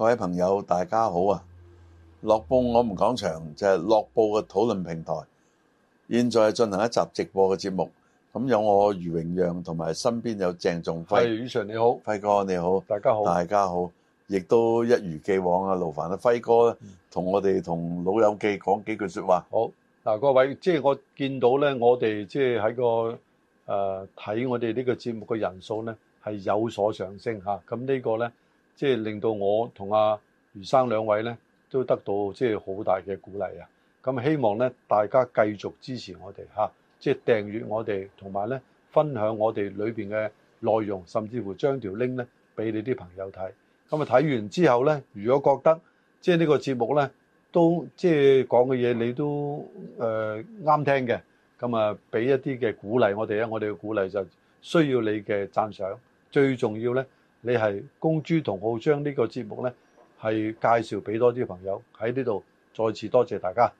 各位朋友，大家好啊！樂報我們講場，就係樂報嘅討論平台。現在進行一集直播嘅節目，咁有我余榮讓，同埋身邊有鄭仲輝。宇常你好，輝哥你好，大家好，大家好，亦都一如既往啊！勞煩啊，輝哥同、嗯、我哋同老友記講幾句說話。好嗱，各位，即、就、係、是、我見到咧，呃、我哋即係喺個誒睇我哋呢個節目嘅人數咧係有所上升吓，咁、啊、呢個咧。即係令到我同阿余生兩位呢都得到即係好大嘅鼓勵啊！咁希望呢大家繼續支持我哋嚇，即係訂閱我哋，同埋呢分享我哋裏面嘅內容，甚至乎將條 link 呢俾你啲朋友睇。咁啊睇完之後呢，如果覺得即係呢個節目呢都即係講嘅嘢你都呃啱聽嘅，咁啊俾一啲嘅鼓勵我哋啊，我哋嘅鼓勵就需要你嘅讚賞。最重要呢。你係公豬同豪將呢個節目呢係介紹俾多啲朋友喺呢度。再次多謝大家。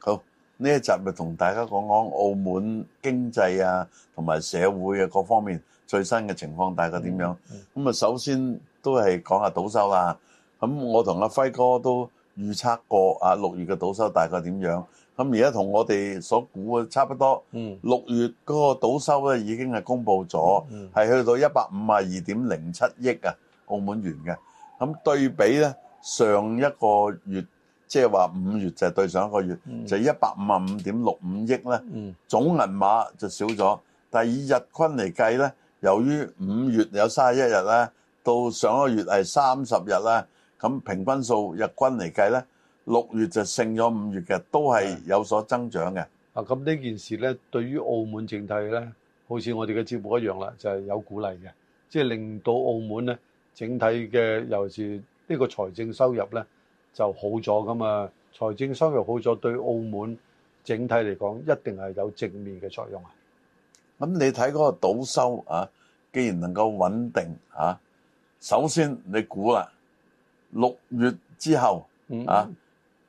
好，呢一集咪同大家講講澳門經濟啊，同埋社會啊各方面最新嘅情況，大概點樣？咁、嗯、啊，首先都係講下賭收啦。咁我同阿輝哥都預測過啊，六月嘅賭收大概點樣？咁而家同我哋所估嘅差不多，六月嗰個賭收咧已經係公布咗，係去到一百五十二點零七億啊澳門元嘅。咁對比咧，上一個月即係話五月就係對上一個月就一百五十五點六五億咧，總銀碼就少咗。但係以日均嚟計咧，由於五月有卅一日咧，到上一個月係三十日咧，咁平均數日均嚟計咧。六月就剩咗五月嘅，都係有所增長嘅。啊，咁呢件事呢，對於澳門整體呢，好似我哋嘅節目一樣啦，就係、是、有鼓勵嘅，即、就、係、是、令到澳門呢，整體嘅，尤其是呢個財政收入呢，就好咗㗎嘛。財政收入好咗，對澳門整體嚟講，一定係有正面嘅作用啊。咁你睇嗰個賭收啊，既然能夠穩定啊，首先你估啦，六月之後、嗯、啊。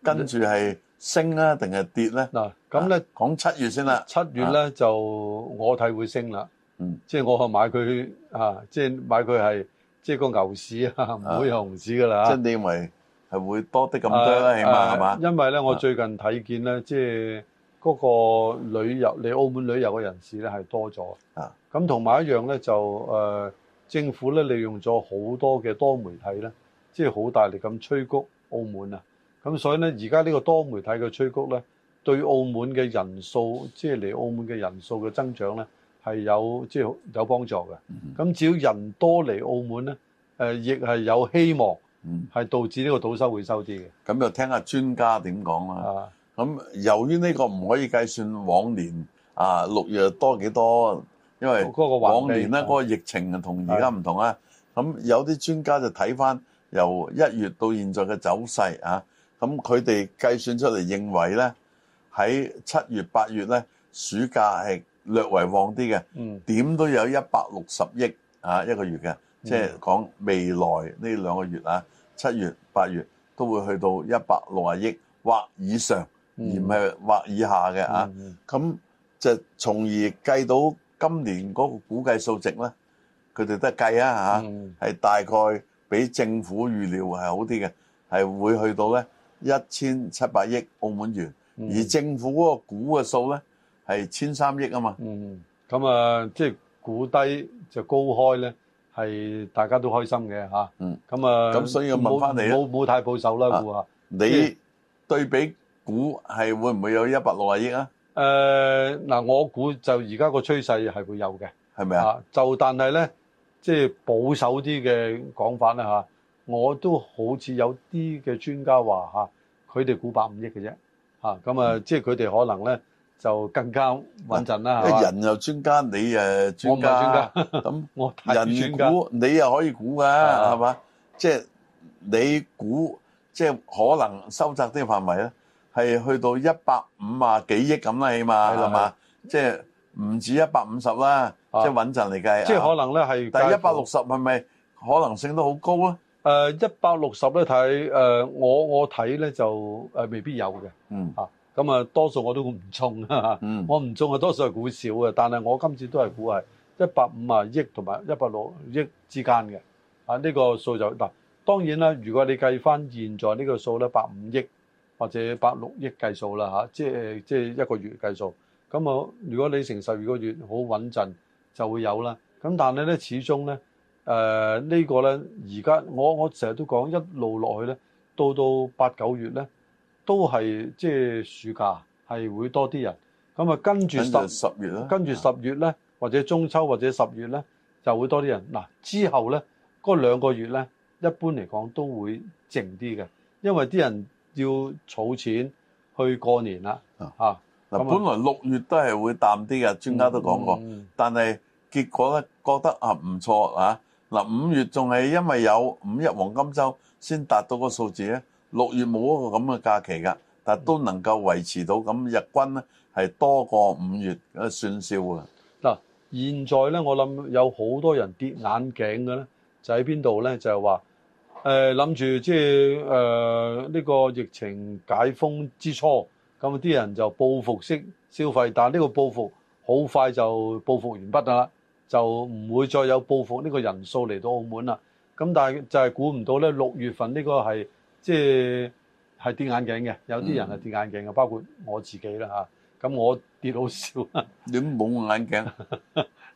跟住係升啦，定係跌咧嗱？咁咧講七月先啦。七月咧、啊、就我睇會升啦，嗯，即、就、係、是、我係買佢啊，即、就、係、是、買佢係即係個牛市啊，唔會熊市噶啦。即、啊、係、啊、你認為係會多啲咁多啦、啊、起碼係嘛、啊？因為咧，我最近睇見咧，即係嗰個旅遊嚟、啊、澳門旅遊嘅人士咧係多咗啊。咁同埋一樣咧，就誒、呃、政府咧利用咗好多嘅多媒體咧，即係好大力咁催谷澳門啊。咁所以咧，而家呢個多媒體嘅催谷咧，對澳門嘅人數，即係嚟澳門嘅人數嘅增長咧，係有即係、就是、有幫助嘅。咁只要人多嚟澳門咧，亦、呃、係有希望，係導致呢個賭收會收啲嘅。咁、嗯、就、嗯嗯、聽下專家點講啦。咁由於呢個唔可以計算往年啊，六月多幾多，因為個往年咧個、那個疫情同而家唔同啊。咁有啲專家就睇翻由一月到現在嘅走勢啊。咁佢哋計算出嚟認為咧，喺七月八月咧，暑假係略為旺啲嘅，點都有一百六十億啊一個月嘅，即係講未來呢兩個月啊，七月八月都會去到一百六十億或以上，而唔係或以下嘅啊。咁就從而計到今年嗰個估計數值咧，佢哋得計啊嚇，係大概比政府預料係好啲嘅，係會去到咧，一千七百億澳門元，而政府嗰個股嘅數咧係千三億啊嘛。嗯，咁、嗯、啊，即係估低就高開咧，係大家都開心嘅嚇、啊。嗯，咁、嗯、啊，咁、嗯、所以我問翻你冇冇太保守啦，會啊？你對比股係會唔會有一百六啊億啊？誒、呃、嗱、呃，我估就而家個趨勢係會有嘅。係咪啊？就但係咧，即係保守啲嘅講法啦嚇。啊我都好似有啲嘅專家話佢哋估百五億嘅啫，咁啊，即係佢哋可能咧就更加穩陣啦，即、啊、人又專家，你又專家，我唔係專家，咁、啊啊啊、人估你又可以估噶，係嘛、啊？即係、就是、你估即係、就是、可能收窄啲範圍咧，係去到一百五啊幾億咁啦，起碼係嘛？即係唔止一百五十啦，即係、啊就是、穩陣嚟計。即、啊、係、就是、可能咧係，第一百六十係咪可能性都好高啦？誒一百六十咧睇誒，我我睇咧就誒未必有嘅，嗯嚇，咁啊多數我都唔衝，嗯，啊、我唔衝啊多數係估少嘅，但係我今次都係估係一百五啊億同埋一百六億之間嘅，啊呢、這個數就嗱、啊，當然啦，如果你計翻現在呢個數咧，百五億或者百六億計數啦嚇，即係即係一個月計數，咁、啊、如果你成十二個月好穩陣就會有啦，咁但係咧始終咧。誒、呃這個、呢個咧，而家我我成日都講一路落去咧，到到八九月咧，都係即係暑假係會多啲人。咁啊，跟住十月呢跟住十月咧，或者中秋或者十月咧，就會多啲人。嗱、啊、之後咧，嗰兩個月咧，一般嚟講都會靜啲嘅，因為啲人要儲錢去過年啦、啊啊啊、本來六月都係會淡啲嘅、嗯，專家都講過，嗯、但係結果咧覺得啊唔錯啊。嗱，五月仲係因為有五一黃金週先達到個數字咧，六月冇一個咁嘅假期噶，但係都能夠維持到咁日均咧係多過五月嘅線數算數嘅。嗱，現在咧，我諗有好多人跌眼鏡嘅咧，就喺邊度咧？就係話諗住即係呢個疫情解封之初，咁啲人就報復式消費，但係呢個報復好快就報復完畢啦。就唔會再有報復呢個人數嚟到澳門啦。咁但係就係估唔到咧，六月份呢個係即係跌眼鏡嘅，有啲人係跌眼鏡嘅、嗯，包括我自己啦吓，咁、啊、我跌好少，你冇眼鏡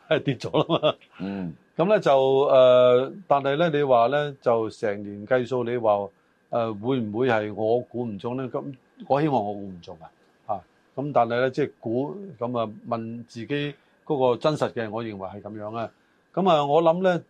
係跌咗啦嘛。嗯。咁咧就誒、呃，但係咧你話咧就成年計數，你話誒、呃、會唔會係我估唔中咧？咁我希望我估唔中啊。嚇！咁但係咧即係估咁啊問自己。嗰、那個真實嘅，我認為係咁樣啊。咁啊，我諗呢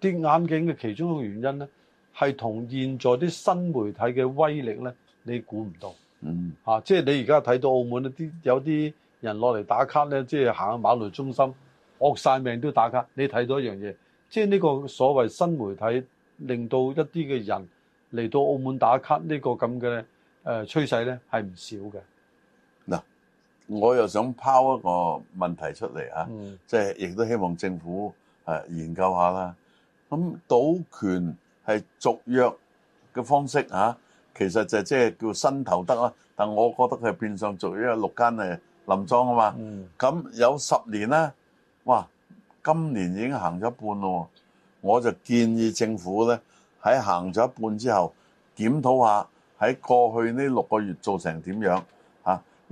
跌眼鏡嘅其中一個原因呢，係同現在啲新媒體嘅威力呢，你估唔到。嗯。嚇、啊，即係你而家睇到澳門啲有啲人落嚟打卡呢，即係行去馬路中心，惡晒命都打卡。你睇到一樣嘢，即係呢個所謂新媒體令到一啲嘅人嚟到澳門打卡呢、這個咁嘅咧，誒、呃、趨勢咧係唔少嘅。我又想拋一個問題出嚟嚇、啊，即係亦都希望政府誒研究一下啦、啊。咁賭權係續約嘅方式嚇、啊，其實就即係叫新投得啦、啊。但我覺得佢係變相續約六間誒林莊啊嘛。咁、嗯、有十年咧，哇！今年已經行咗一半咯，我就建議政府咧喺行咗一半之後檢討一下，喺過去呢六個月做成點樣？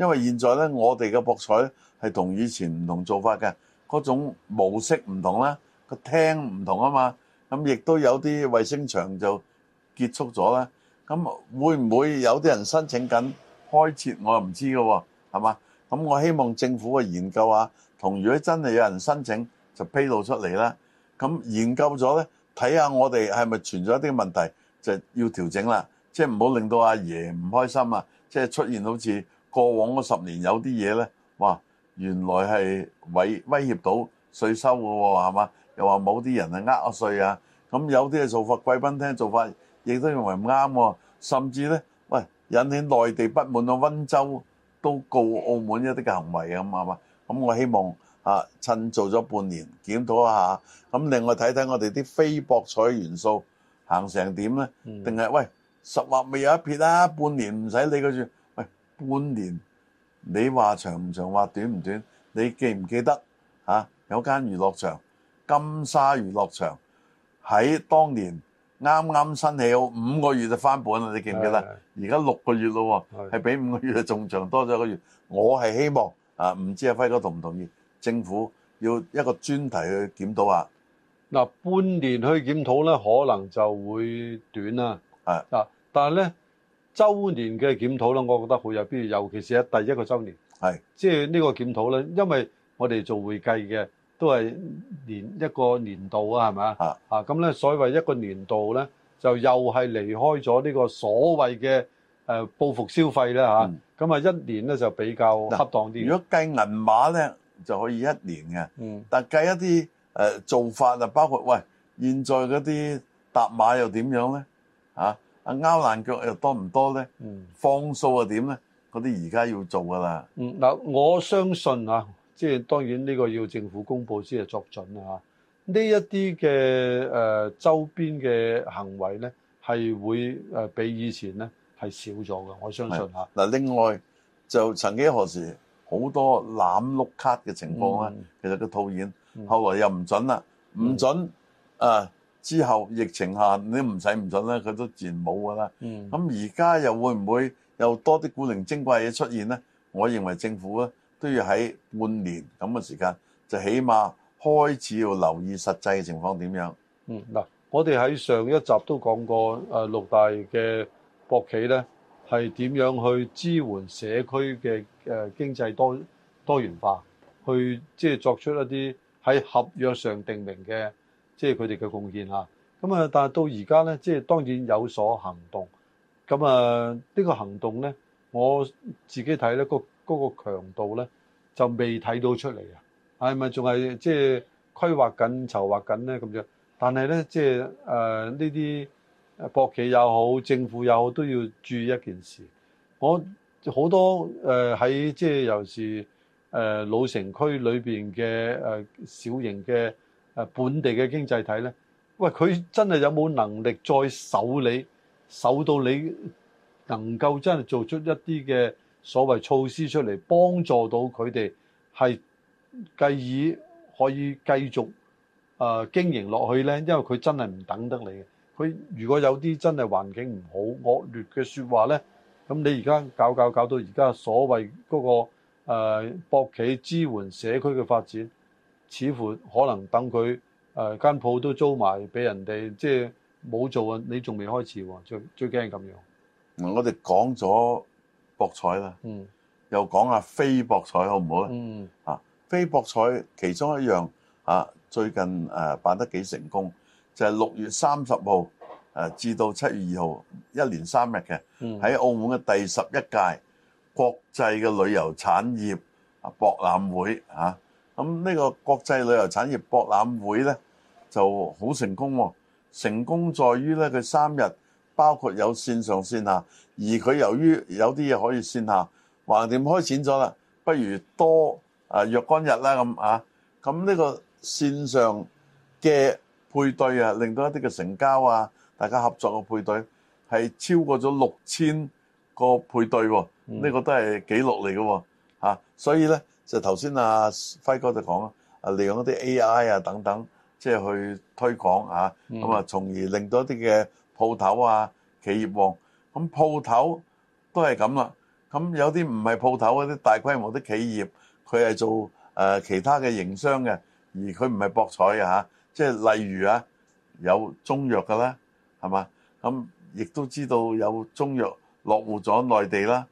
因為現在咧，我哋嘅博彩係同以前唔同做法嘅嗰種模式唔同啦，個廳唔同啊嘛。咁亦都有啲衛星場就結束咗啦。咁會唔會有啲人申請緊開設？我又唔知嘅喎、哦，係嘛？咁我希望政府嘅研究啊，同如果真係有人申請，就披露出嚟啦。咁研究咗咧，睇下我哋係咪存在一啲問題，就要調整啦。即係唔好令到阿爺唔開心啊！即係出現好似～過往嗰十年有啲嘢咧，哇！原來係威威脅到稅收嘅喎，係嘛？又話某啲人係呃我稅啊，咁有啲嘅做法，貴賓廳做法亦都認為唔啱喎。甚至咧，喂，引起內地不滿嘅，溫州都告澳門一啲嘅行為啊，咁係嘛？咁我希望啊，趁做咗半年檢討一下，咁另外睇睇我哋啲非博彩元素行成點咧，定係喂，十劃未有一撇啦，半年唔使理佢住。半年，你話長唔長，話短唔短，你記唔記得啊？有間娛樂場，金沙娛樂場喺當年啱啱新起好，好五個月就翻本啦！你記唔記得？而家六個月嘞，係比五個月仲長多咗一個月。我係希望啊，唔知阿輝哥同唔同意？政府要一個專題去檢討下。嗱、啊，半年去檢討咧，可能就會短啦。係啊，但係咧。周年嘅檢討啦，我覺得好有必要，尤其是喺第一個週年，係即係呢個檢討咧，因為我哋做會計嘅都係年一個年度啊，係咪啊？啊，咁咧，所謂一個年度咧，就又係離開咗呢個所謂嘅誒報復消費咧嚇，咁啊一年咧就比較恰當啲。如果計銀碼咧就可以一年嘅，但計一啲誒做法啊，包括喂，現在嗰啲搭碼又點樣咧啊？拗爛腳又多唔多咧？放數啊點咧？嗰啲而家要做噶啦。嗯，嗱、嗯，我相信嚇，即、啊、係、就是、當然呢個要政府公佈先係作準啊。呢一啲嘅誒周邊嘅行為咧，係會誒、呃、比以前咧係少咗嘅，我相信嚇。嗱、嗯嗯啊，另外就曾幾何時好多濫碌卡嘅情況咧、嗯，其實個套現、嗯，後來又唔準啦，唔準誒。嗯啊之後疫情下你唔使唔准啦，佢都自然冇噶啦。咁而家又會唔會有多啲古靈精怪嘢出現呢？我認為政府咧都要喺半年咁嘅時間，就起碼開始要留意實際嘅情況點樣。嗯，嗱，我哋喺上一集都講過，啊、六大嘅博企呢係點樣去支援社區嘅誒、啊、經濟多多元化，去即係、就是、作出一啲喺合約上定明嘅。即係佢哋嘅貢獻嚇，咁啊，但係到而家咧，即係當然有所行動，咁啊，呢個行動咧，我自己睇咧，個嗰個強度咧就未睇到出嚟啊，係咪仲係即係規劃緊、籌劃緊咧咁樣？但係咧，即係誒呢啲博企又好、政府又好，都要注意一件事。我好多誒喺即係尤其係誒老城區裏邊嘅誒小型嘅。本地嘅經濟體呢，喂，佢真係有冇能力再守你，守到你能夠真係做出一啲嘅所謂措施出嚟，幫助到佢哋係繼以可以繼續、呃、經營落去呢？因為佢真係唔等得你嘅。佢如果有啲真係環境唔好、惡劣嘅說話呢，咁你而家搞搞搞到而家所謂嗰、個、呃、博企支援社區嘅發展。似乎可能等佢誒間鋪都租埋俾人哋，即係冇做啊！你仲未開始喎，最最驚咁樣。我哋講咗博彩啦，嗯，又講下非博彩好唔好咧？嗯，啊，非博彩其中一樣啊，最近誒、啊、辦得幾成功，就係、是、六月三十號誒至到七月二號一連三日嘅，喺、嗯、澳門嘅第十一屆國際嘅旅遊產業啊博覽會啊。咁呢個國際旅遊產業博覽會呢就好成功喎、啊！成功在於呢，佢三日包括有線上線下，而佢由於有啲嘢可以線下橫掂開展咗啦，不如多啊若干日啦咁啊！咁呢個線上嘅配對啊，令到一啲嘅成交啊，大家合作嘅配對係超過咗六千個配對喎，呢個都係紀錄嚟嘅喎，所以呢。就頭先阿輝哥就講啊，利用一啲 A.I. 啊等等，即係去推廣啊，咁，嗯，啊，從而令到一啲嘅鋪頭啊企業旺。咁鋪頭都係咁啦。咁有啲唔係鋪頭嗰啲大規模啲企業，佢係做誒，呃，其他嘅營商嘅，而佢唔係博彩嘅。即係例如啊，有中藥㗎啦，係嘛？咁亦都知道有中藥落戶咗內地啦。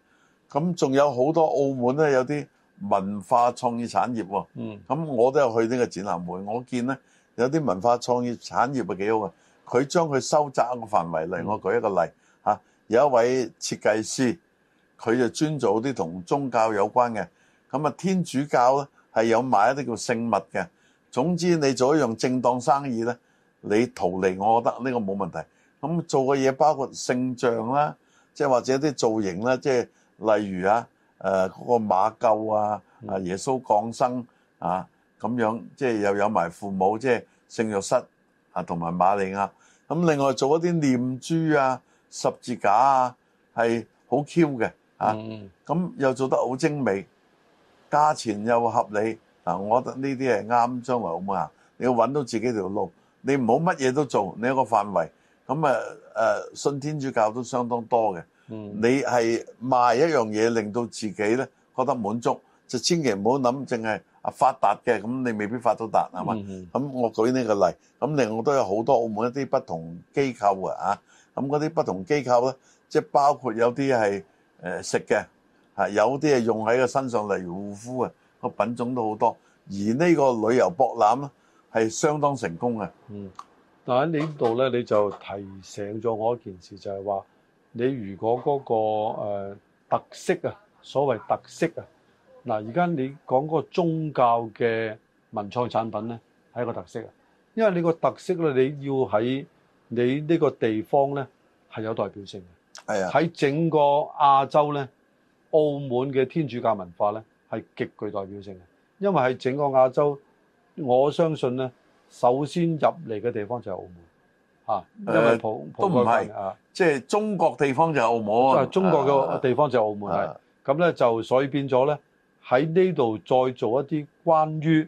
咁仲有好多澳門咧啊，有啲。文化創意產業喎，咁我都有去呢個展覽會，我見咧有啲文化創意產業啊幾好嘅，佢將佢收窄個範圍嚟。我舉一個例嚇，有一位設計師，佢就專做啲同宗教有關嘅，咁啊天主教咧係有買一啲叫聖物嘅。總之你做一樣正當生意咧，你逃離我覺得呢個冇問題。咁做嘅嘢包括聖像啦，即係或者啲造型啦，即係例如啊。誒、呃、嗰、那個馬救啊，啊耶穌降生啊咁、啊、樣，即係又有埋父母，即係聖約瑟，啊，同埋瑪利亞。咁另外做一啲念珠啊、十字架啊，係好 Q 嘅啊，咁、啊啊、又做得好精美，價錢又合理啊，我覺得呢啲係啱，將來好啊，你要揾到自己條路，你唔好乜嘢都做，你有一個範圍咁誒、啊啊、信天主教都相當多嘅。嗯，你係賣一樣嘢令到自己咧覺得滿足，就千祈唔好諗，淨係啊發達嘅，咁你未必發到達係嘛？咁、嗯、我舉呢個例，咁另外都有好多澳門一啲不同機構嘅啊，咁嗰啲不同機構咧，即係包括有啲係誒食嘅，嚇有啲係用喺個身上嚟護膚嘅，個品種都好多。而呢個旅遊博覽咧係相當成功嘅。嗯，但喺呢度咧你就提醒咗我一件事就，就係話。你如果嗰個呃特色啊，所謂特色啊，嗱，而家你講個宗教嘅文創產品咧，係一個特色啊。因為你個特色咧，你要喺你呢個地方咧係有代表性嘅。係啊，喺整個亞洲咧，澳門嘅天主教文化咧係極具代表性嘅，因為係整個亞洲，我相信咧，首先入嚟嘅地方就係澳門。啊，因為普、呃、都唔係啊，即係中國地方就係澳門啊，中國嘅地方就係澳門係。咁、啊、咧、啊、就所以變咗咧喺呢度再做一啲關於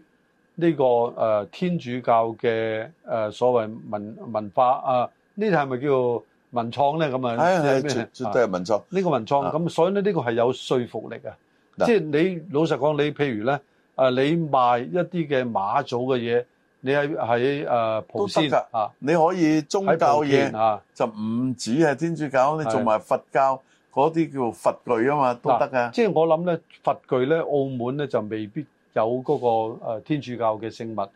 呢、呢個誒、呃、天主教嘅誒、呃、所謂文文化啊，呢啲係咪叫做文創咧？咁啊，係、哎、係絕、絕對係文創，呢、啊呢個文創咁，所以咧呢個係有說服力啊，即係你老實講，你譬如咧啊，你賣一啲嘅馬祖嘅嘢。你喺喺誒，都得、啊、你可以宗教嘢、啊、就唔止係天主教，你做埋佛教嗰啲叫佛具啊嘛，都得噶、啊。即係我諗咧，佛具咧，澳門咧就未必有嗰個天主教嘅聖物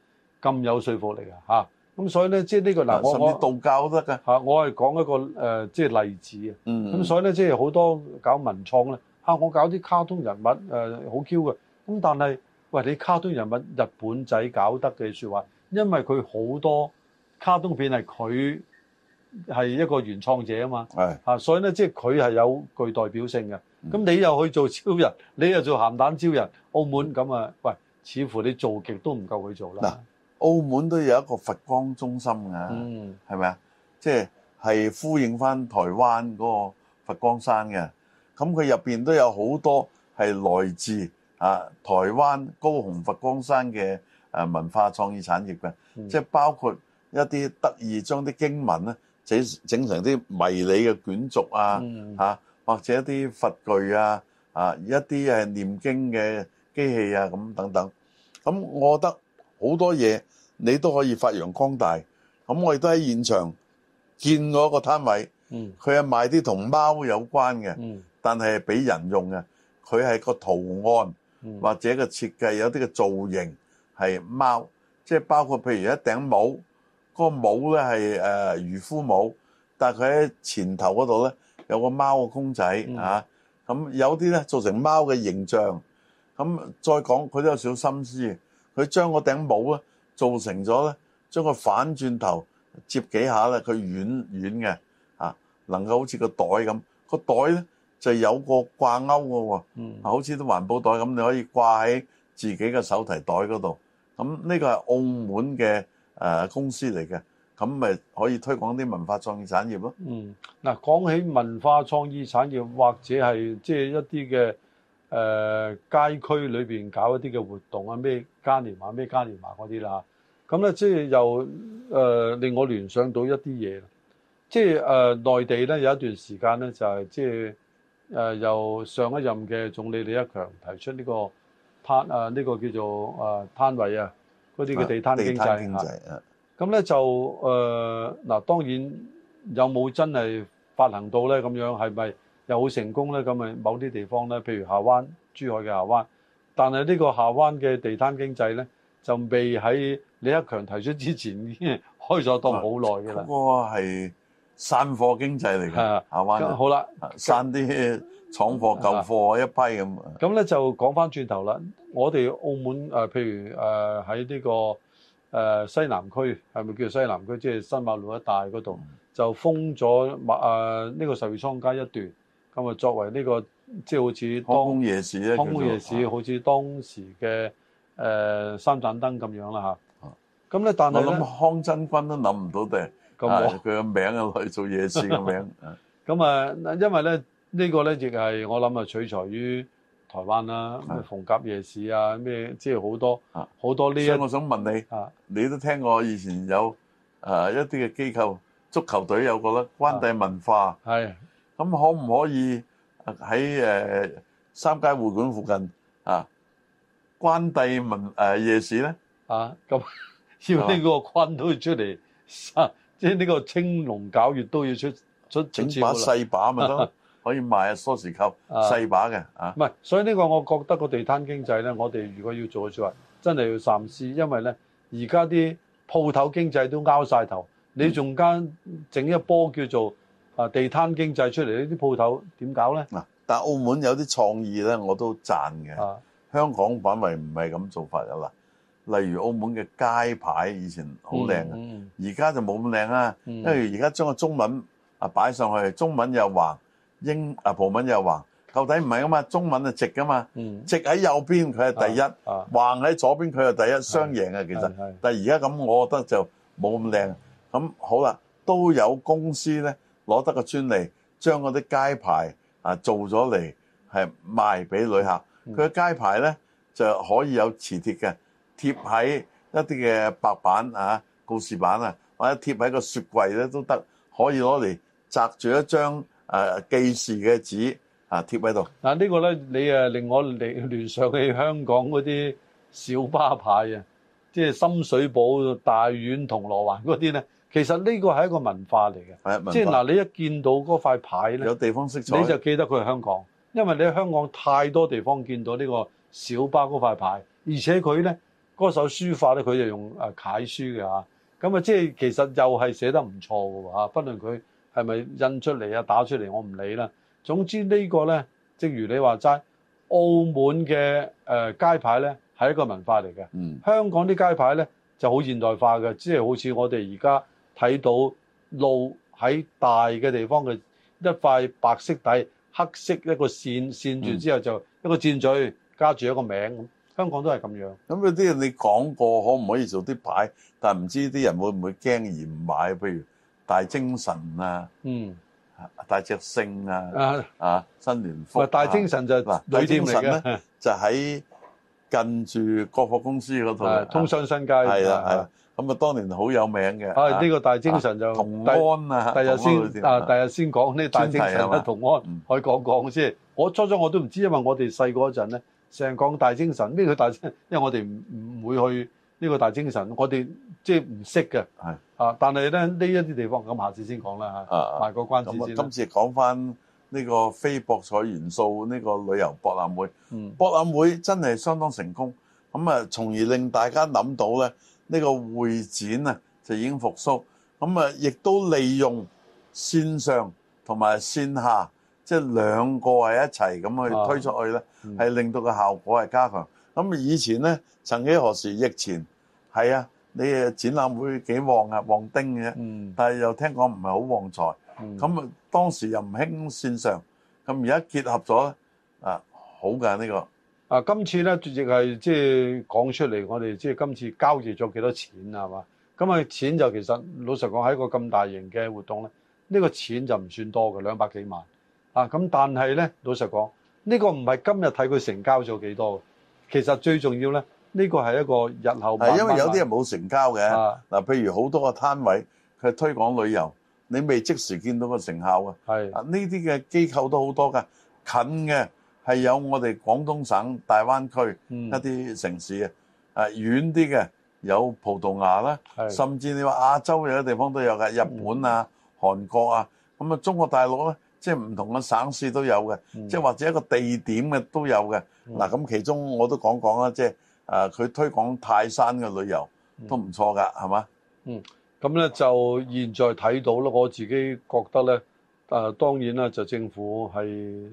咁有說服力啊吓。咁所以咧，即係呢個嗱、啊啊，我我道教都得噶吓。我係講一個、呃、即係例子、嗯、啊。咁所以咧，即係好多搞文創咧吓、啊、我搞啲卡通人物好 Q 嘅。咁、啊啊、但係喂，你卡通人物日本仔搞得嘅說話因為佢好多卡通片係佢係一個原創者嘛啊嘛，所以咧即係佢係有具代表性嘅。咁、嗯、你又去做超人，你又做鹹蛋超人，澳門咁啊，喂，似乎你做極都唔夠佢做啦。嗱，澳門都有一個佛光中心㗎，係咪啊？即係、係、呼應翻台灣嗰個佛光山嘅。咁佢入面都有好多係來自啊台灣高雄佛光山嘅。誒文化創意產業嘅、嗯，即係包括一啲得意將啲經文咧整整成啲迷你嘅卷軸啊，嚇、嗯嗯、或者一啲佛具啊，啊一啲誒唸經嘅機器啊，咁等等。咁我覺得好多嘢你都可以發揚光大。咁我亦都喺現場見過一個攤位，佢、嗯、係賣啲同貓有關嘅、嗯，但係俾人用嘅，佢係個圖案、嗯、或者個設計有啲嘅造型。係貓，即係包括譬如一頂帽，個帽咧係誒漁夫帽，但係佢喺前頭嗰度咧有個貓嘅公仔啊。咁有啲咧做成貓嘅形象，咁再講佢都有少少心思，佢將個頂帽咧做成咗咧，將佢反轉頭摺幾下咧，佢軟軟嘅啊，能夠好似個袋咁，個袋咧就有個掛鈎㗎喎，啊，好似啲環保袋咁，你可以掛喺自己嘅手提袋嗰度。咁呢個係澳門嘅誒公司嚟嘅，咁咪可以推廣啲文化創意產業咯。嗯，嗱講起文化創意產業，或者係即係一啲嘅誒街區裏面搞一啲嘅活動啊，咩嘉年華、咩嘉年華嗰啲啦。咁咧即係又、呃、令我聯想到一啲嘢，即係誒內地咧有一段時間咧就係即係誒由上一任嘅總理李克強提出呢個。攤啊，呢個叫做啊攤位啊，嗰啲嘅地攤經濟嚇、啊。咁咧、啊、就誒嗱、呃，當然有冇真係發行到咧？咁樣係咪又好成功咧？咁咪某啲地方咧，譬如夏灣、珠海嘅夏灣。但係呢個夏灣嘅地攤經濟咧，就未喺李克強提出之前已經開咗檔好耐㗎啦。嗰、 那個係散貨經濟嚟㗎，夏灣。好啦，散啲。廠貨舊貨一批咁，咁、嗯、咧就講翻轉頭啦。我哋澳門、呃、譬如誒喺呢個、呃、西南區，係咪叫西南區？即、就、係、是、新馬路一帶嗰度、嗯，就封咗馬呢個十業倉街一段，咁、嗯、啊作為呢、這個即係、就是、好似康公夜市咧，康公夜市、啊、好似當時嘅、呃、三盞燈咁樣啦吓咁咧，但係我諗康真君都諗唔到地，啊佢嘅、啊啊、名啊去 做夜市嘅名。咁 啊，因為咧。這個、呢個咧亦係我諗啊，取材於台灣啦，咩逢甲夜市啊，咩即係好多好、啊、多呢一。所以我想問你啊，你都聽過以前有誒一啲嘅機構足球隊有個啦，關帝文化。係。咁可唔可以喺誒三街會館附近啊關帝文誒、呃、夜市咧？啊，咁要呢個坤都要出嚟，即係呢個青龍九月都要出出，出整把細把咪得。 可以賣啊！蔬食扣細把嘅唔係，所以呢個我覺得個地攤經濟咧，我哋如果要做出嚟，真係要三思，因為咧而家啲鋪頭經濟都拗晒頭，嗯、你仲間整一波叫做啊地攤經濟出嚟，呢啲鋪頭點搞咧？嗱、啊，但澳門有啲創意咧，我都讚嘅、啊。香港反為唔係咁做法嘅啦。例如澳門嘅街牌以前好靚，而、嗯、家就冇咁靚啦，因為而家將個中文啊擺上去，中文又橫。英啊，葡文又橫，到底唔係啊嘛？中文啊，直噶嘛？嗯，直喺右邊佢係第一，橫喺左邊佢係第一，雙贏啊！其實，但係而家咁，我覺得就冇咁靚。咁好啦，都有公司咧攞得個專利，將嗰啲街牌啊做咗嚟係賣俾旅客。佢嘅街牌咧就可以有磁鐵嘅，貼喺一啲嘅白板啊、告示板啊，或者貼喺個雪櫃咧都得，可以攞嚟擲住一張。誒、啊、記事嘅紙啊貼喺度，嗱、啊這個、呢個咧你誒、啊、令我聯聯想起香港嗰啲小巴牌啊，即係深水埗、大院、銅鑼灣嗰啲咧。其實呢個係一個文化嚟嘅，即係嗱、啊、你一見到嗰塊牌咧，有地方識你就記得佢係香港，因為你喺香港太多地方見到呢個小巴嗰塊牌，而且佢咧嗰手書法咧佢就用誒、啊、楷書嘅嚇、啊，咁啊即係其實又係寫得唔錯嘅喎、啊、不論佢。係咪印出嚟啊？打出嚟我唔理啦。總之個呢個咧，正如你話齋，澳門嘅誒、呃、街牌咧係一個文化嚟嘅。嗯，香港啲街牌咧就好現代化嘅，即、就、係、是、好似我哋而家睇到路喺大嘅地方嘅一塊白色底黑色一個線線住之後就一個箭嘴加住一個名咁、嗯。香港都係咁樣。咁有啲人你講過，可唔可以做啲牌？但係唔知啲人會唔會驚而唔買？譬如。大精神啊，嗯，大隻星啊，啊，新聯福、啊、大精神就女店嚟嘅，就喺近住國貨公司嗰度、啊，通商新街，係啦，咁啊，就當年好有名嘅。啊，呢、這個大精神就、啊、同安啊，第日先啊，第日先、啊、先講呢個大精神咧、啊，同安可以講講先。我初初我都唔知，因為我哋細嗰陣咧成日講大精神，邊個大因為我哋唔唔會去。呢、這個大精神，我哋即係唔識嘅，係啊，但係咧呢一啲地方，咁下次先講啦嚇，啊啊，賣個關子先咁，啊、今次講翻呢個非博彩元素呢個旅遊博覽會，嗯、博覽會真係相當成功。咁啊，從而令大家諗到咧，呢、這個會展啊就已經復甦。咁啊，亦都利用線上同埋線下即係、就是、兩個係一齊咁去推出去咧，係、啊嗯、令到個效果係加強。咁以前咧，曾幾何時疫前？係啊，你誒展覽會幾旺啊，旺丁嘅啫，但係又聽講唔係好旺財。咁啊，當時又唔興線上，咁而家結合咗啊，好㗎呢個。啊，今次咧亦係即係講出嚟，我哋即係今次交易咗幾多錢係嘛？咁啊，錢就其實老實講喺一個咁大型嘅活動咧，呢個錢就唔算多嘅，兩百幾萬。啊，咁但係咧，老實講，呢個唔係今日睇佢成交咗幾多嘅，其實最重要咧。呢、這個係一個日後係，是因為有啲人冇成交嘅。嗱、啊，譬如好多個攤位，佢推廣旅遊，你未即時見到個成效啊。係，呢啲嘅機構都好多㗎，近嘅係有我哋廣東省大灣區一啲城市嘅，誒遠啲嘅有葡萄牙啦，甚至你話亞洲有啲地方都有㗎，日本啊、韓國啊，咁啊中國大陸咧，即係唔同嘅省市都有嘅、嗯，即係或者一個地點嘅都有嘅。嗱、嗯，咁、啊、其中我都講講啦，即係。誒、啊、佢推廣泰山嘅旅遊都唔錯㗎，係嘛？嗯，咁咧、嗯、就現在睇到咧，我自己覺得咧，誒、啊、當然啦，就政府係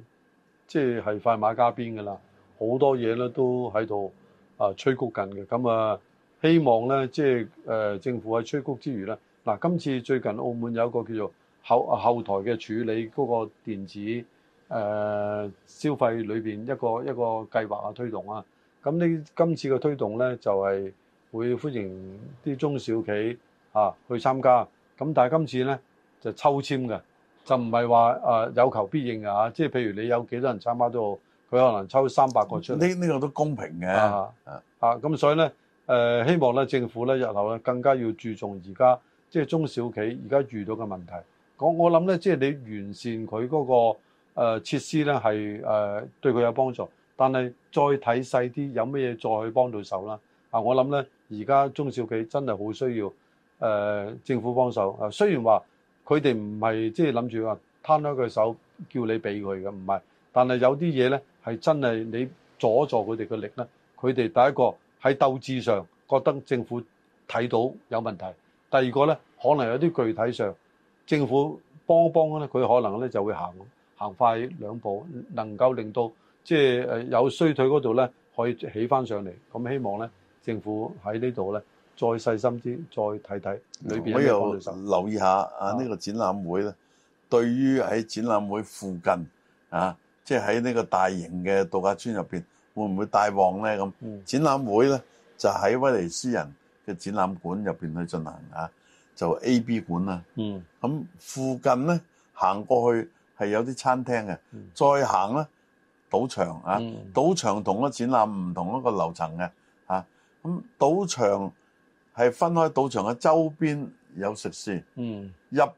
即係快馬加鞭嘅啦，好多嘢咧都喺度誒吹谷緊嘅。咁啊，希望咧即係誒政府喺吹谷之餘咧，嗱、啊、今次最近澳門有一個叫做後後台嘅處理嗰個電子誒、啊、消費裏邊一個一個計劃啊推動啊。咁呢今次嘅推動呢，就係、是、會歡迎啲中小企啊去參加。咁但係今次呢，就抽籤嘅，就唔係話誒有求必應嘅。即係譬如你有幾多人參加都好，佢可能抽三百個出嚟。呢、嗯、呢、呢個都公平嘅。咁、啊啊啊、所以呢，呃、希望呢政府呢，日後呢更加要注重而家即係中小企而家遇到嘅問題。我我諗呢，即係你完善佢嗰、嗰個誒、呃、設施呢，係誒、呃、對佢有幫助。但係再睇細啲，有咩嘢再去幫到手啦？啊，我諗呢，而家中小企真係好需要誒、呃、政府幫手啊。雖然話佢哋唔係即係諗住話攤開佢手叫你俾佢嘅，唔係，但係有啲嘢呢，係真係你阻助佢哋嘅力呢，佢哋第一個喺鬥志上覺得政府睇到有問題，第二個呢，可能有啲具體上政府幫一幫咧，佢可能呢就會行行快兩步，能夠令到。即係誒有衰退嗰度咧，可以起翻上嚟。咁希望咧，政府喺呢度咧再細心啲，再睇睇裏邊我有留意一下啊！呢、呢個展覽會咧，對於喺展覽會附近啊，即係喺呢個大型嘅度假村入邊，會唔會帶旺咧？咁、嗯、展覽會咧就喺威尼斯人嘅展覽館入邊去進行啊，就 A、B 館啦。嗯，咁附近咧行過去係有啲餐廳嘅，再行咧。賭場，啊、嗯、賭場啊，賭場同個展覽唔同一個樓層嘅嚇，咁賭場係分開，賭場嘅周邊有食肆，入、嗯、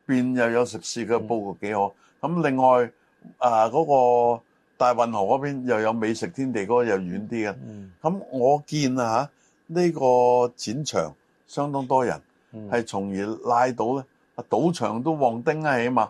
邊又有食肆嘅佈局幾好。咁、嗯啊、另外啊，嗰、那個大運河嗰邊又有美食天地、那個，嗰個又遠啲嘅。咁、嗯啊、我見啊嚇，呢、這個展場相當多人，係、嗯、從而拉到咧，啊賭場都旺丁啊，起碼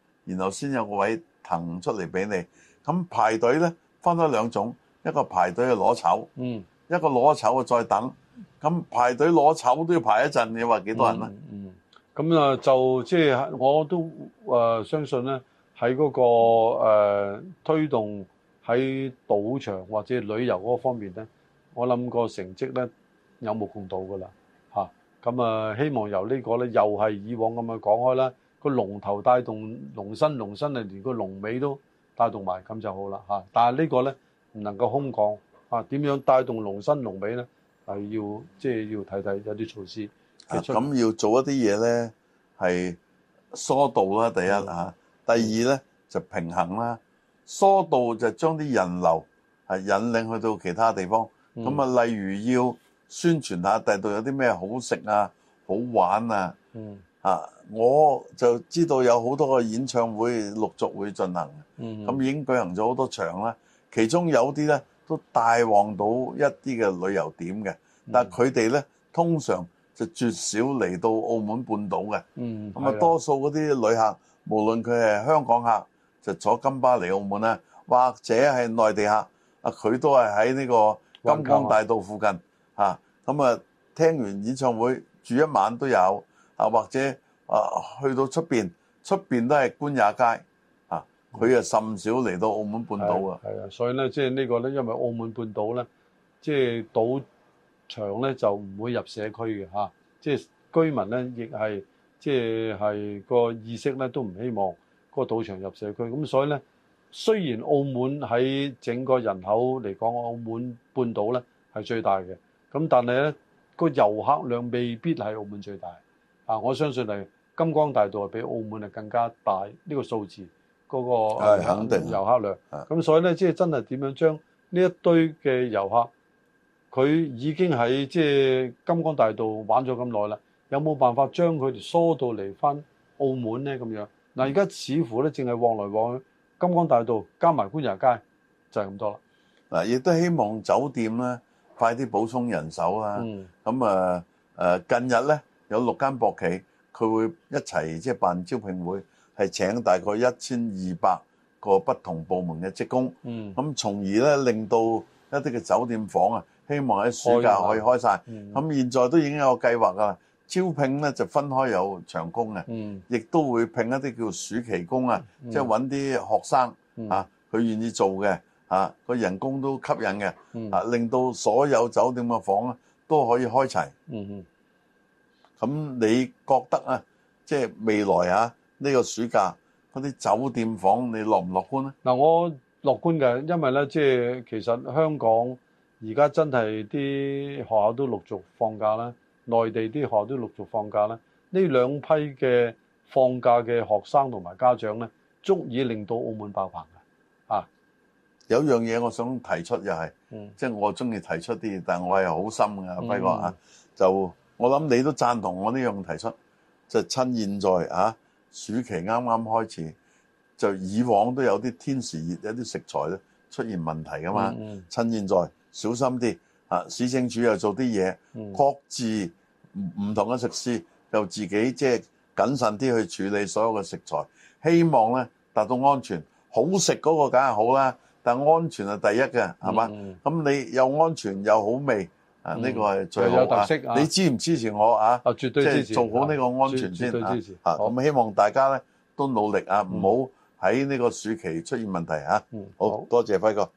然後先有個位騰出嚟俾你，咁排隊咧分開兩種，一個排隊去攞籌，一個攞籌啊再等。咁排隊攞籌都要排一陣，你話幾多人咧？嗯，咁、嗯、啊就即係、就是、我都誒、呃、相信咧，喺嗰、那個、呃、推動喺賭場或者旅遊嗰方面咧，我諗個成績咧有目共睹噶啦嚇咁啊、嗯、希望由個呢個咧又係以往咁樣講開啦。個龍頭帶動龍身，龍身啊，連個龍尾都帶動埋咁就好啦嚇。但係呢個咧唔能夠空降。嚇、啊，點樣帶動龍身龍尾咧係要即係、就是、要睇睇有啲措施。咁、啊、要做一啲嘢咧係疏導啦，第一嚇、嗯啊；第二咧就平衡啦。疏導就將啲人流係引領去到其他地方。咁、嗯、啊，例如要宣傳下，第度有啲咩好食啊、好玩啊，嗯嚇。啊我就知道有好多個演唱會陸續會進行，咁、嗯、已經舉行咗好多場啦。其中有啲咧都帶旺到一啲嘅旅遊點嘅、嗯，但佢哋咧通常就絕少嚟到澳門半島嘅。咁、嗯、啊，多數嗰啲旅客，無論佢係香港客，就坐金巴嚟澳門啦，或者係內地客，啊佢都係喺呢個金光大道附近嚇。咁啊，啊聽完演唱會住一晚都有啊，或者～啊，去到出邊，出邊都係官也街，啊，佢啊甚少嚟到澳門半島嘅。係啊，所以咧，即係呢個咧，因為澳門半島咧，即係賭場咧就唔會入社區嘅嚇，即係居民咧亦係，即係係個意識咧都唔希望個賭場入社區。咁所以咧，雖然澳門喺整個人口嚟講，澳門半島咧係最大嘅，咁但係咧個遊客量未必係澳門最大。啊，我相信係。金光大道啊，比澳門啊更加大呢、這個數字，嗰、那個肯定遊客量。咁所以咧，即係真係點樣將呢一堆嘅遊客，佢已經喺即係金光大道玩咗咁耐啦，有冇辦法將佢哋疏到嚟翻澳門咧？咁樣嗱，而家似乎咧，淨係往來往去，金光大道加埋官也街就係、是、咁多啦。嗱，亦都希望酒店咧快啲補充人手啊。咁啊誒，近日咧有六間博企。佢會一齊即係辦招聘會，係請大概一千二百個不同部門嘅職工。嗯，咁從而咧令到一啲嘅酒店房啊，希望喺暑假可以開晒。咁、嗯、現在都已經有個計劃噶啦。招聘咧就分開有長工嘅，亦、嗯、都會聘一啲叫暑期工、嗯，就是找一些嗯、啊，即係揾啲學生啊，佢願意做嘅啊，個人工都吸引嘅、嗯、啊，令到所有酒店嘅房啊都可以開齊。嗯哼。咁你覺得啊，即係未來啊，呢個暑假嗰啲酒店房你樂唔樂觀咧？嗱，我樂觀嘅，因為咧，即係其實香港而家真係啲學校都陸續放假啦，內地啲學校都陸續放假啦。呢兩批嘅放假嘅學生同埋家長咧，足以令到澳門爆棚嘅。啊，有樣嘢我想提出又係，嗯，即係我中意提出啲，但係我係好深嘅，輝哥啊，嗯，就。我諗你都贊同我呢樣提出，就是、趁現在啊，暑期啱啱開始，就以往都有啲天時熱，有啲食材咧出現問題㗎嘛。嗯嗯，趁現在小心啲啊！市政署又做啲嘢，各自唔同嘅食肆，嗯嗯又自己即係、就是、謹慎啲去處理所有嘅食材，希望呢達到安全，好食嗰個梗係好啦，但安全係第一嘅，係、嗯、嘛、嗯？咁你又安全又好味。這個嗯、啊！呢個係最好你支唔支持我啊？即、啊、係、就是、做好呢個安全先啊！絕對支持啊！咁希望大家咧都努力啊，唔好喺呢個暑期出現問題嚇、啊。好、嗯、好多謝輝哥。